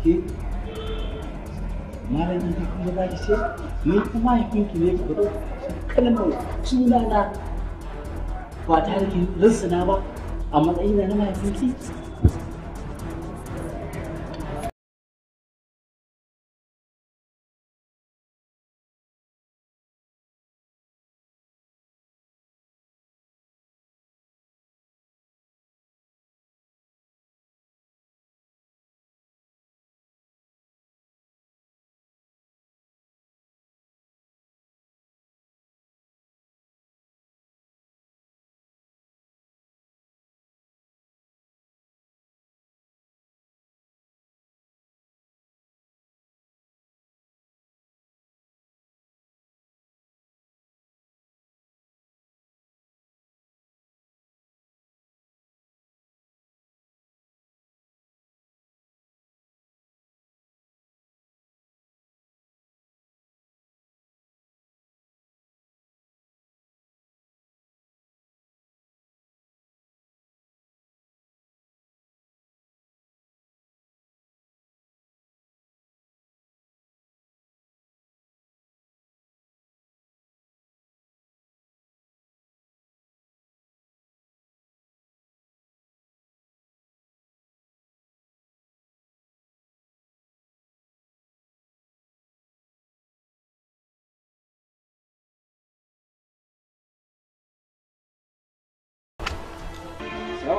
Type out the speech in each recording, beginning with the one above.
ke malam in kuma za ki ce ni kuma mahaifinki ne ka fito kalmar sunana ba tare da rinsuna ba a matsayina na mahaifinki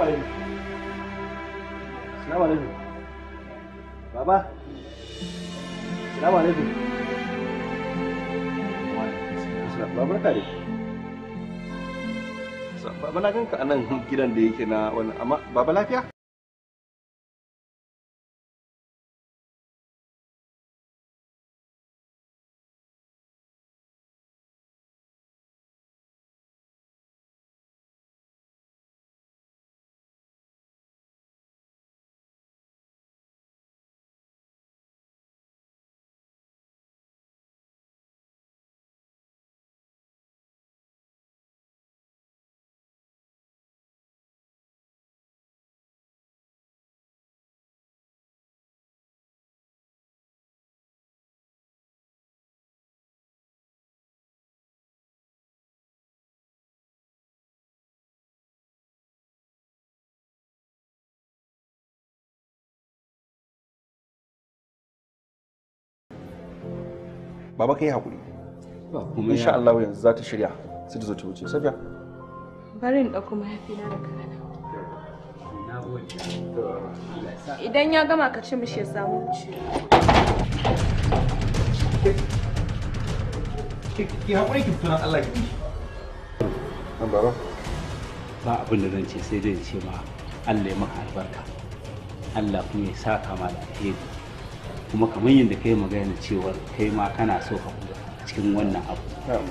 Salamu alaikum. Salamu alaikum. Baba. Salamu alaikum. Baba ka Baba na ganka a nan gidan da yake na wani amma baba lafiya? baba kai hakuri insha Allah yanzu za ta shirya su ta zo ta wuce safiya in ɗauko mahaifina da kana idan ya gama ka ce mishi ya samu ci ki haƙuri ki fito Allah ki baro ba abin da zan ce sai dai ce ma Allah ya maka albarka Allah kuma ya saka ma alheri kuma kamar yadda kai magana cewar kai ma kana so ka cikin wannan abu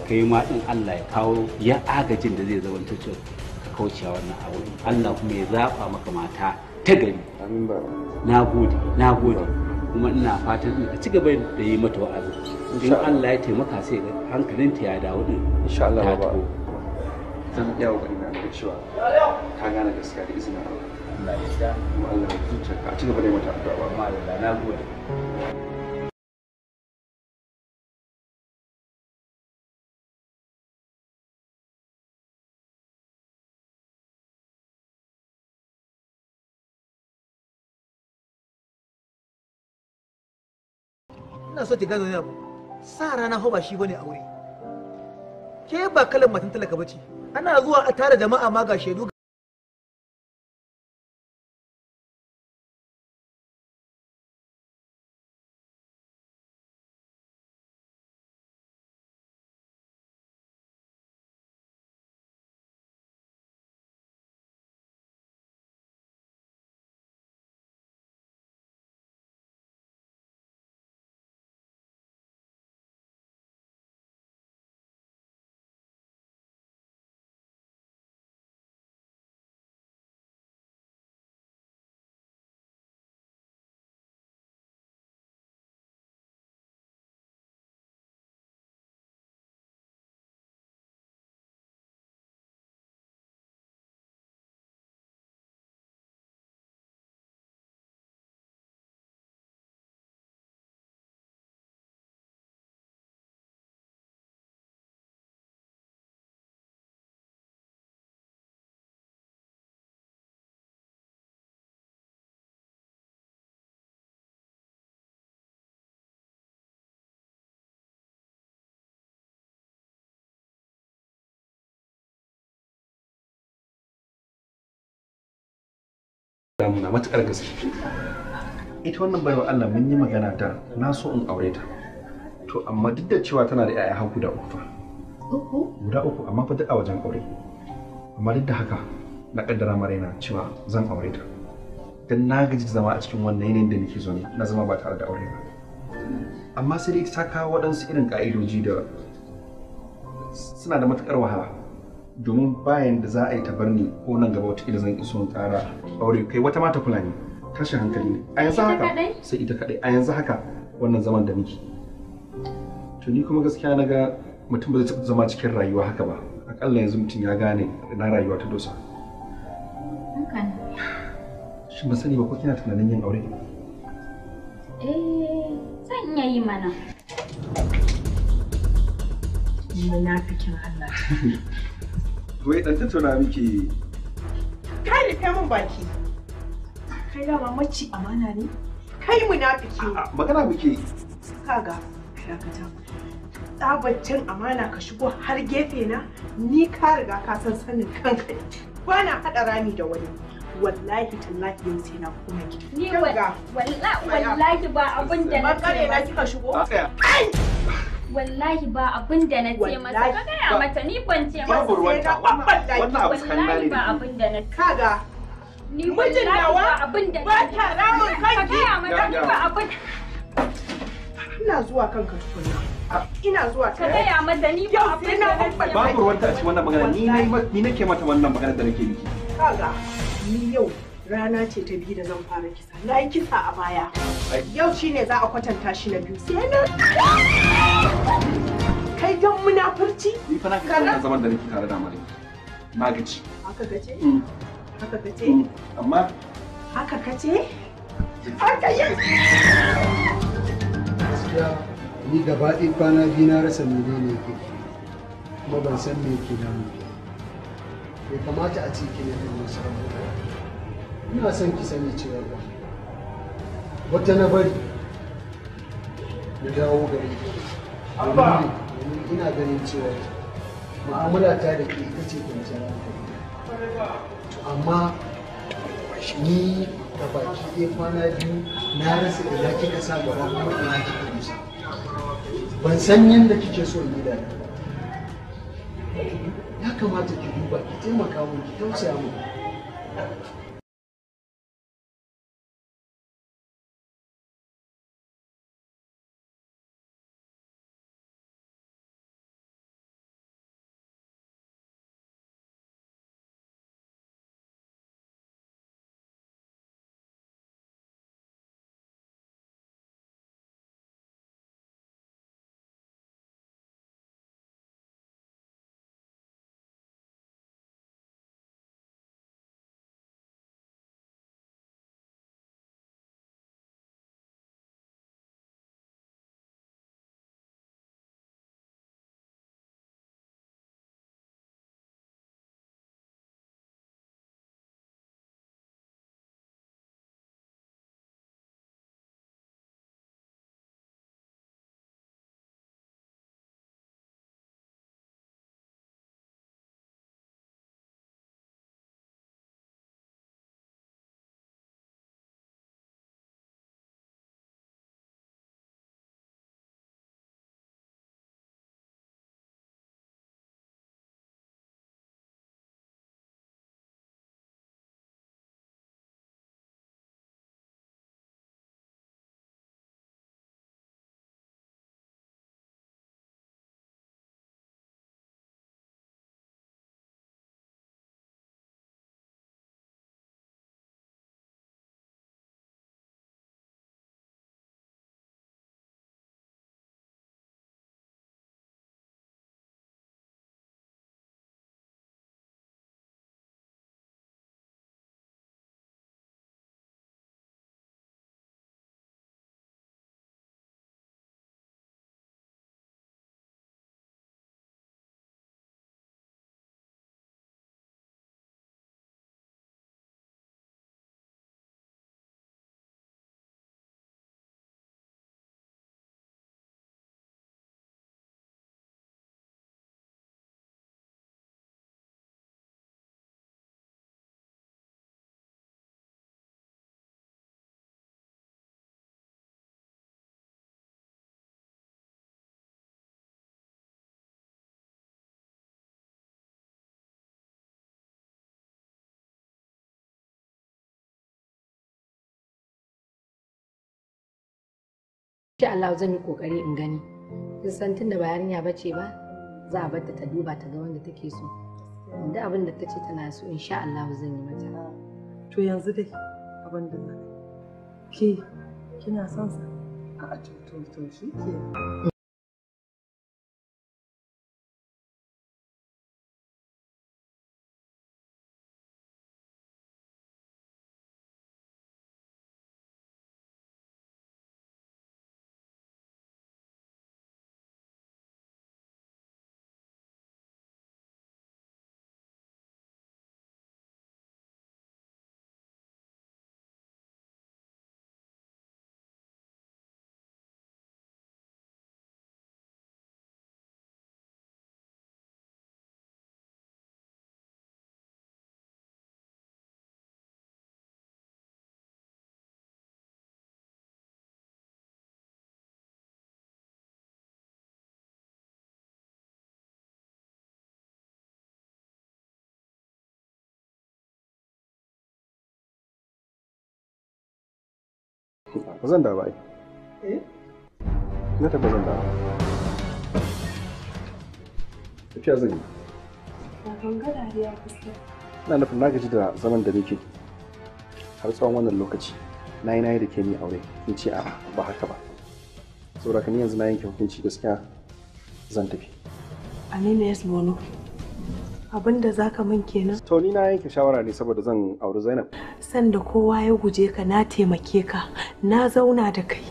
kai ma din Allah ya kawo ya agajin da zai zama cewa ka kauce wannan abu Allah kuma ya zaba maka mata ta gari na gode na gode kuma ina fatan in ci gaba da yi mata wa'azi in Allah ya taimaka sai hankalinta ya dawo din insha Allah ba zan iya ka cewa ka gane gaskiya da izinin Allah kuma Allah ya zuciyarka a ci gaba da yi mata addu'a na gode ina so ki gano ne abu sa rana ho ba shi bane aure ke ba kalan matan talaka bace ana zuwa a tara jama'a ma ga shaidu muna matuƙar gaske ita wannan baiwa Allah mun yi magana da na so in aure ta to amma duk da cewa tana da 'ya'ya har guda uku fa guda uku amma fa duk a wajen aure amma duk da haka na kaddara ma cewa zan aure ta dan na gaji zama a cikin wannan yanayin da nake zo ne na zama ba tare da aure ba amma sai dai ta kawo waɗansu irin ƙa'idoji da suna da matuƙar wahala domin bayan da za a yi ta bar ni ko nan gaba wata zan iso in ƙara aure kai wata mata fulani tashin hankali ne a yanzu haka sai ita kaɗai a yanzu haka wannan zaman da muke to ni kuma gaskiya na ga mutum ba zai taɓa zama cikin rayuwa haka ba akalla yanzu mutum ya gane na rayuwa ta dosa shin ba sani ba ko kina tunanin yin aure eh zan iya yi mana munafikin Allah to yi ɗanta tattauna muke ka rufe mun baki kai dama mace amana ne kai munafiki magana muke kaga dakata tsabaccin amana ka shigo har gefe na ni ka riga ka san sanin kanka Bana haɗa rami da wani wallahi tallahi yau sai na kuma ki ni wallahi ba abin da na kare na kika shigo wallahi ba abin da na ce masa ka gaya mata ni ban ce masa sai na wannan abu wallahi ba abin da na kaga ni mijin nawa ba ta ramin kanki ka gaya mata ni ba abin ina zuwa kanka tukunna ina zuwa ka gaya mata ni ba abin da na ce babu ruwanta a ce wannan magana ni nake mata wannan magana da nake miki kaga ni yau rana ce ta biyu da zan fara kisa na yi kisa a baya yau shi ne za a kwatanta shi na biyu sai na kai don munafurci ni fa na kasa na zaman da nake tare da mare na gaci haka gace mm. haka gace mm. amma haka kace haka yi ni gaba ɗaya kwana biyu na rasa ne ke kuma ban san me ke damu bai kamata a cikin yadda masu musamman ina son ki sani cewa ba. wata na bari na dawo gare ki ina ganin cewa ma'amala ta da ke ita ce kwanciyar hankali amma ni da baki ɗaya kwana biyu na rasa da za kika sa gaba kuma ina kika musa ban san yadda kike so ni da ya kamata ki duba ki taimaka mun ki tausaya mun insha Allah zan yi kokari in gani kin san tunda ba yarinya bace ba za a bar ta duba ta ga wanda take so da abin da tace tana so insha Allah zan yi mata to yanzu dai abin da za ke kina son sa a to to to shi ke Ba zan da ba ai. Eh? Na tafi zan da. Tafiya zan yi. Ina nufin na gaji da zaman da nake har tsawon wannan lokaci na yi na yi da ke ni aure in ce a ba haka ba. Saboda ka ni yanzu na yanke hukunci gaskiya zan tafi. Aminu ya zuwa nufi. abin da za ka min kenan. To ni na yanke shawara ne saboda zan auri Zainab. Sanda kowa ya guje ka na taimake ka na zauna da kai.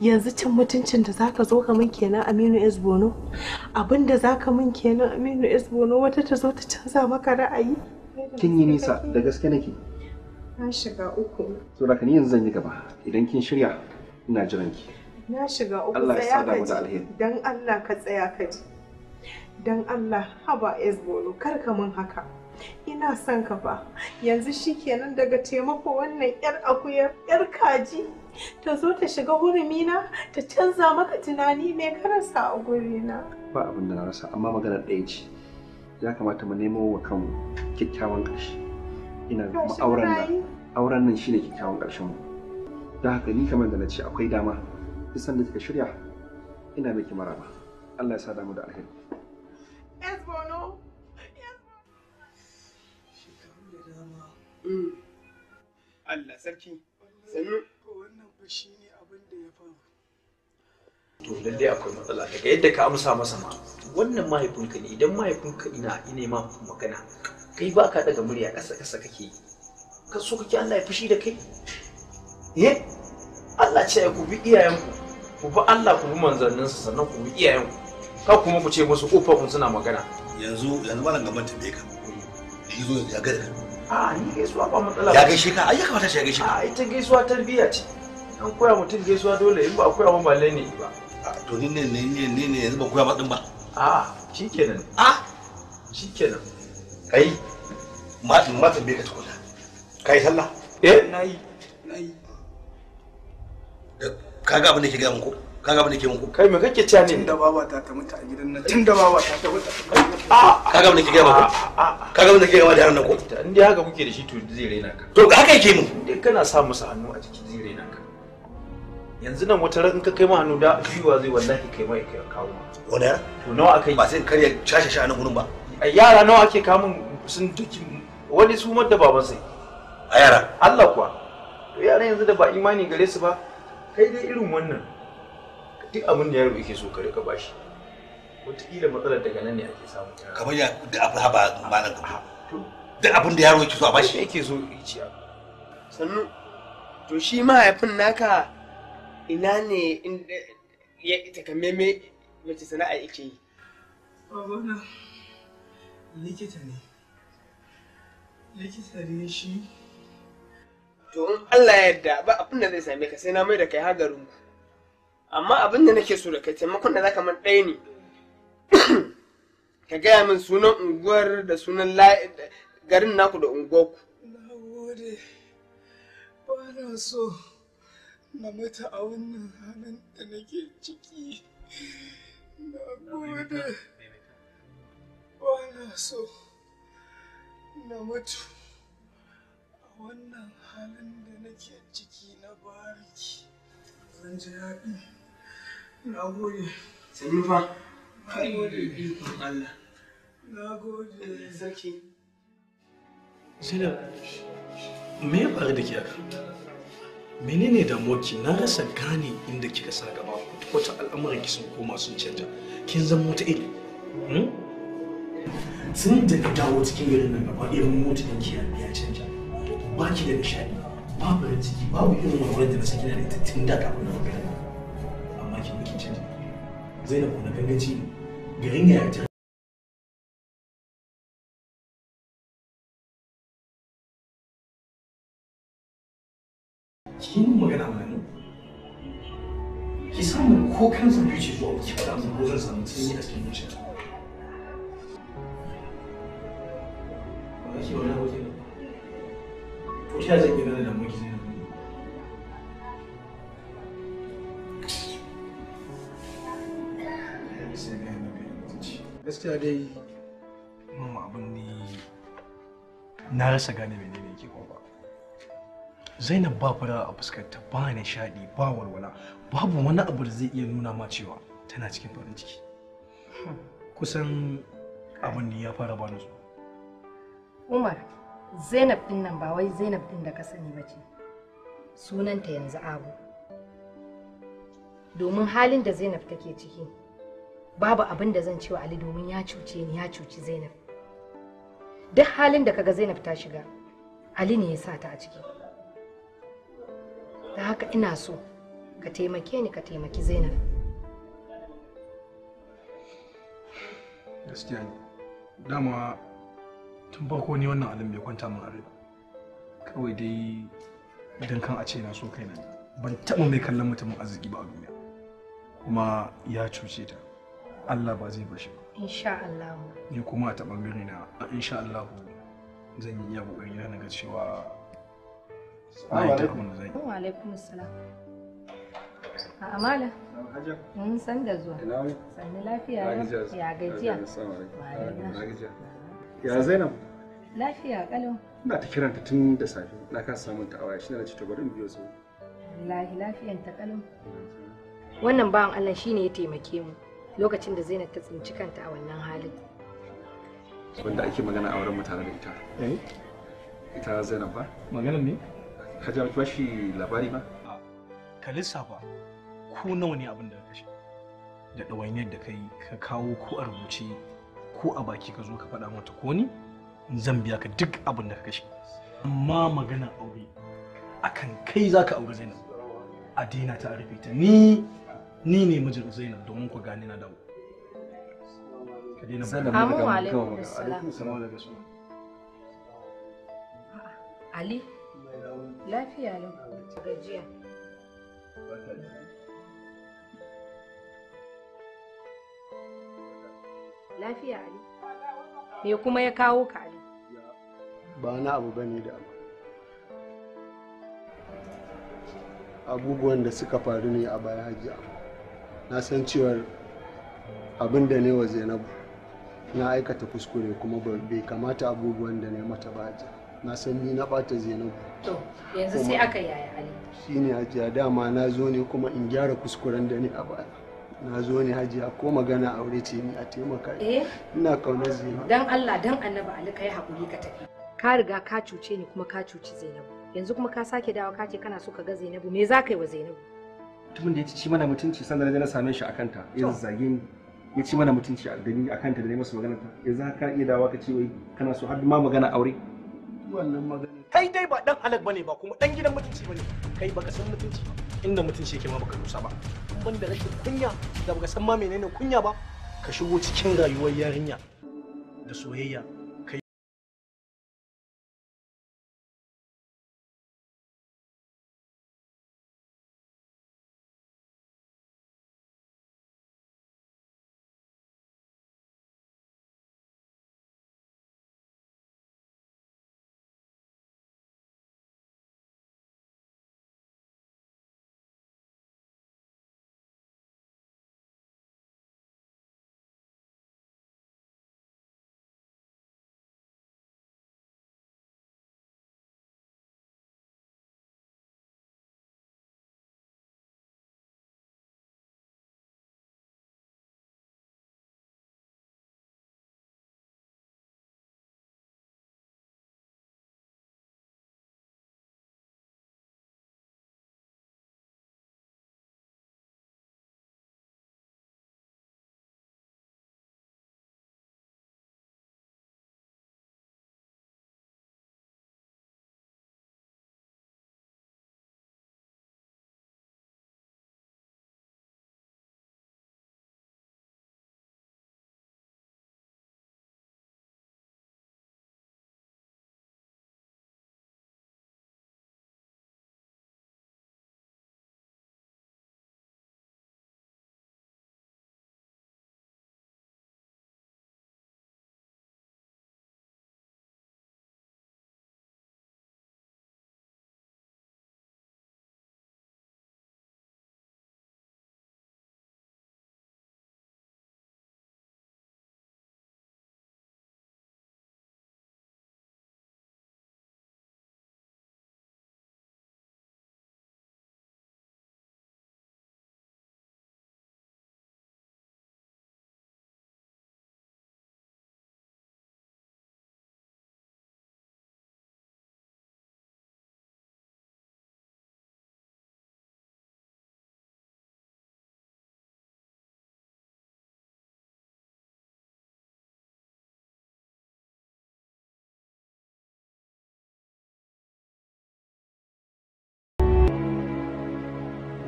Yanzu cin mutuncin da zaka zo ka min kenan Aminu S Bono. Abin da zaka min kenan Aminu S Bono wata ta zo ta canza maka ra'ayi. Kin yi nisa da gaske nake. Na shiga uku. To da ni yanzu zan yi gaba idan kin shirya ina jiran ki. Na shiga uku tsaya ka ji. Dan Allah ka tsaya ka ji. don Allah haba Ezbolu kar ka mun haka ina son ka fa yanzu shikenan daga taimako wannan yar akuyar yar kaji ta zo ta shiga hurumina ta canza maka tunani me ka rasa a gurina ba abin da na rasa amma magana ɗaya ce ya kamata mu nemo wa kanmu kyakkyawan ƙarshe ina kuma auren nan auren nan shine kyakkyawan ƙarshen mu don haka ni kamar da na ce akwai dama duk sanda kika shirya ina miki maraba Allah ya sada mu da alheri yes bono yes mm. Allah sarki sanu wannan shi ne abin da ya faru to lallai akwai matsala daga yadda ka amsa masa ma wannan mahaifinka ne idan mahaifinka ina ina ma magana kai ba ka daga murya ƙasa ƙasa kake yi ka so kake Allah ya fushi da kai eh Allah ce ku bi iyayenku ku bi Allah ku bi manzanninsa sannan ku bi iyayenku ka kuma ku ce musu kofofin suna magana yanzu yanzu malam gaban tambaye ka yi zo yanzu ya gada a ni gaisuwa ba matsala ya gaishe ka ai ya kamata shi ya gaishe ka a ita gaisuwa tarbiyya ce an koya mutum gaisuwa dole in ba a koya ba ne ba to ni ne ne ne ne ne yanzu ba koya ba din ba a shikenan a shikenan kai ma ma tambaye ka tukuna kai sallah eh nayi nayi kaga abin da ke ga mun ko ka ga abin da ke muku kai me kake cewa ne da baba ta ta mutu a gidan nan tun da baba ta ta mutu ah, ah, ka ga abin da ke gaba ko ah, ka ga abin da ke gaba da yaran nan ko in dai haka kuke da shi to zai raina ka to haka yake mu dai kana sa musu hannu a jiki zai raina ka yanzu nan wata ran in ka kai ma hannu da biyuwa zai wallahi kai ma kai kawo ma wani yara to nawa akai ba sai karya shashe shi a nan gurin ba yara nawa ake kamun sun duki wani su da baban sai a yara Allah kuwa to yaran yanzu da ba imani gare su ba kai dai irin wannan duk abin da yaro yake so ka rika bashi wataƙila matsalar daga nan ne ake samu kamar ya da abu haba malam gaba duk abin da yaro yake so a bashi yake so ci abu sannu to shi mahaifin naka ina ne in ya meme wace sana'a yake yi babana likita ne likita ne shi to in allah ya yarda ba abin da zai same ka sai na mai da kai hagarinku amma abin da nake so da kai taimakon da zaka man ɗaya ne ka gaya min sunan unguwar da sunan garin naku da unguwarku na gode ba so na mata a wannan halin da nake ciki na gode ba so na mutu a wannan halin da nake ciki na bariki zan Na gode. Sannu fa. Na gode. Ikon Allah. Na gode. Sarki. Zainab, me ya faru da ke haka? Menene damuwarki na rasa gane inda kika sa gaba wata al'amuran ki sun koma sun canja kin zama wata iri. Sun hmm? da ka dawo cikin garin nan gaba irin mota ɗin ki ya canja. Ba ki da nishaɗi, ba ciki, babu irin walwalar da na saki na da ita tun da kafin na magana. zainab kuna gangaci garin yaya ta cikin magana mana ki samu ko kan san zuci zuwa ki fada mun ko zan samu cikin a cikin zuciya ba ki wani abokin to ta yi gaskiya dai abin ne na rasa gane menene yake ba Zainab ba fara a fuskarta ba nishaɗi ba walwala babu wani abu da zai iya nuna ma cewa tana cikin farin ciki kusan abin ne ya fara bani nutsu Umar Zainab din nan ba wai Zainab din da ka sani ba ce sunanta yanzu Abu domin halin da Zainab take ciki babu abin da zan cewa Ali domin ya cuce ni ya cuci Zainab duk halin da kaga Zainab ta shiga Ali ne ya sa ta a ciki da haka ina so ka taimake ni ka taimaki Zainab gaskiya ne dama tun farko ni wannan alin bai kwanta min a kawai dai idan kan a ce na so kaina ban taɓa mai kallon mutumin arziki ba a duniya kuma ya cuce ta Allah ba zai bashi ba insha Allah ni kuma ta bangare na insha Allah zan yi iya kokari na ga cewa na yi ta abin yi wa alaikum salam. amala mun san da zuwa sannu lafiya ya gajiya ya zainab lafiya kalau ina ta kiranta tun da safe na kasa samun ta a waya shi na ce to bari in biyo su wallahi lafiyan ta kalau wannan bawan Allah shine ya taimake mu lokacin da Zainab ta tsinci kanta a wannan halin. Wanda ake magana a wurin mutane da ita. Eh? Ita Zainab ba? Magana ne? Ka ji ba shi labari ba? Ka lissafa ko nawa ne abin da ka kashe. Da ɗawainiyar da kai ka kawo ko a rubuce ko a baki ka zo ka faɗa mata ko ni zan biya ka duk abin da ka kashe. Amma magana aure akan kai za ka aure Zainab. A daina ta rufe ta ni ni ne mijin zainab domin ku gane na dawo Ali, lafiya lau, gajiya. Lafiya Ali, me kuma ya kawo ka Ali? Ba na abu bane da abu. Abubuwan da suka faru ne a baya hajiya. na san cewar abin da ne wa zainabu na aikata kuskure kuma bai kamata abubuwan da ne mata ba na san ni na bata zainabu to yanzu sai aka yaya ali shine hajiya dama na zo ne kuma in gyara kuskuren da ne a baya na zo ne hajiya ko magana aure ce ni a taimaka eh? ina kauna zainabu dan Allah dan annabi ali kai hakuri ka tafi ka riga ka cuce ni kuma ka cuci zainabu yanzu kuma ka sake dawo kake kana so ka ga zainabu me za ka yi wa zainabu mutumin da ya ci mana mutunci sanda na na same shi a kanta, ya zage ni ya ci mana mutunci a gani a kanta da ne masa magana ta yanzu haka iya dawa ka ce wai kana so har ma magana aure wannan magana kai dai ba dan halak bane ba kuma dan gidan mutunci bane kai baka san mutunci ba inda mutunci yake ma baka rusa ba ban da rashin kunya da baka san ma menene kunya ba ka shigo cikin rayuwar yarinya da soyayya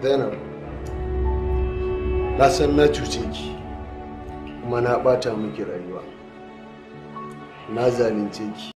Zainab, na san na cuce ki, kuma na ɓata miki rayuwa, na zalunce ki,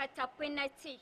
ka tafi na ce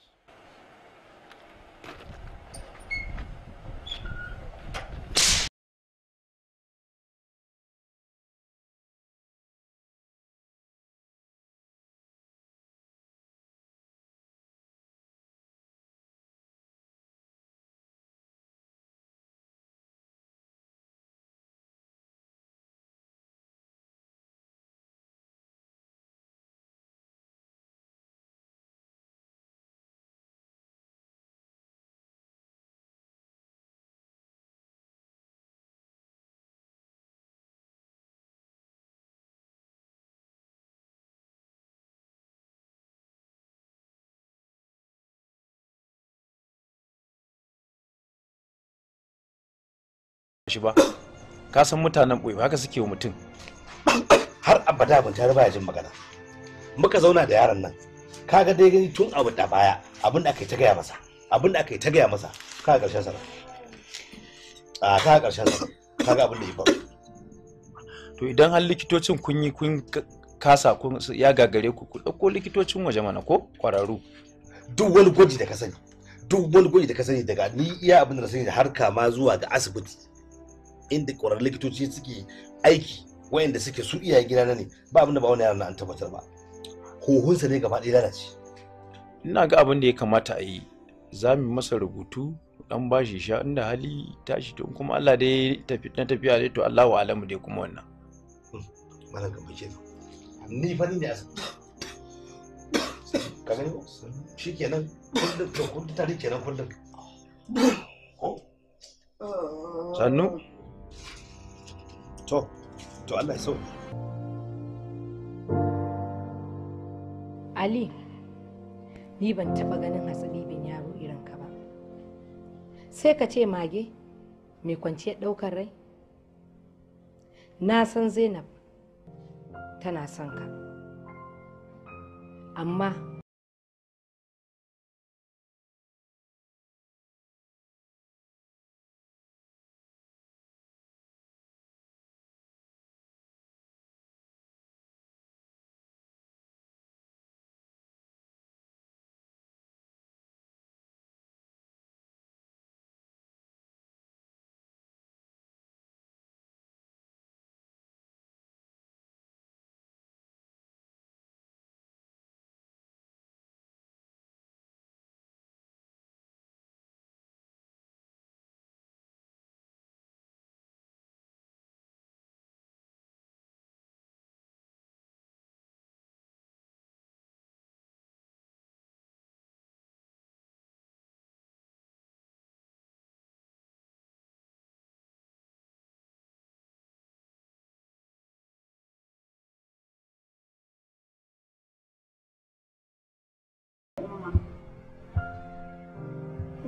shi ba ka san mutanen ɓoye haka suke wa mutum har abada ban tare baya jin magana muka zauna da yaron nan kaga dai gani tun abu da baya abin da aka yi ta gaya masa abin da aka yi ta gaya masa ga ƙarshen sana a ah, ga ƙarshen sana ga abin da ya faru to idan har likitocin kun yi kun kasa kun ya gagare ku ku ɗauko likitocin waje mana ko ƙwararru. duk wani gwaji da ka sani duk wani gwaji da ka sani daga ni iya abin da sani da har kama zuwa ga asibiti inda ƙwararrun likitoci suke aiki wayanda suke su iya gida ne ba abinda ba wani yaran an tabbatar ba hohunsa ne gaba ɗaya lalace ina ga abin da ya kamata a yi za mu masa rubutu dan bashi sha inda hali tashi to kuma Allah dai tafi na tafiya dai to Allahu alamu dai kuma wannan hmm, malam gaba bace ni fa ni ne asu ka gani ko kenan kullum to kullum tare kenan kullum oh. sannu to to Allah ya sauke Ali ni ban taba ganin hatsabibin yaro irin ka ba sai ka ce mage mai kwanciyar daukar rai na san Zainab tana son ka amma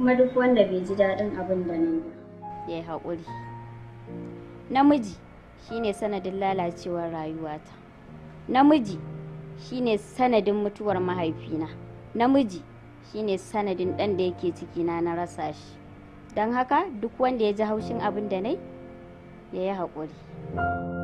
kuma duk wanda bai ji daɗin abin da nan ya yi haƙuri namiji shine sanadin lalacewar rayuwata namiji shine sanadin mutuwar mahaifina namiji shine sanadin ɗan da yake cikina na rasa shi don haka duk wanda ya ji haushin abin da nai ya yi haƙuri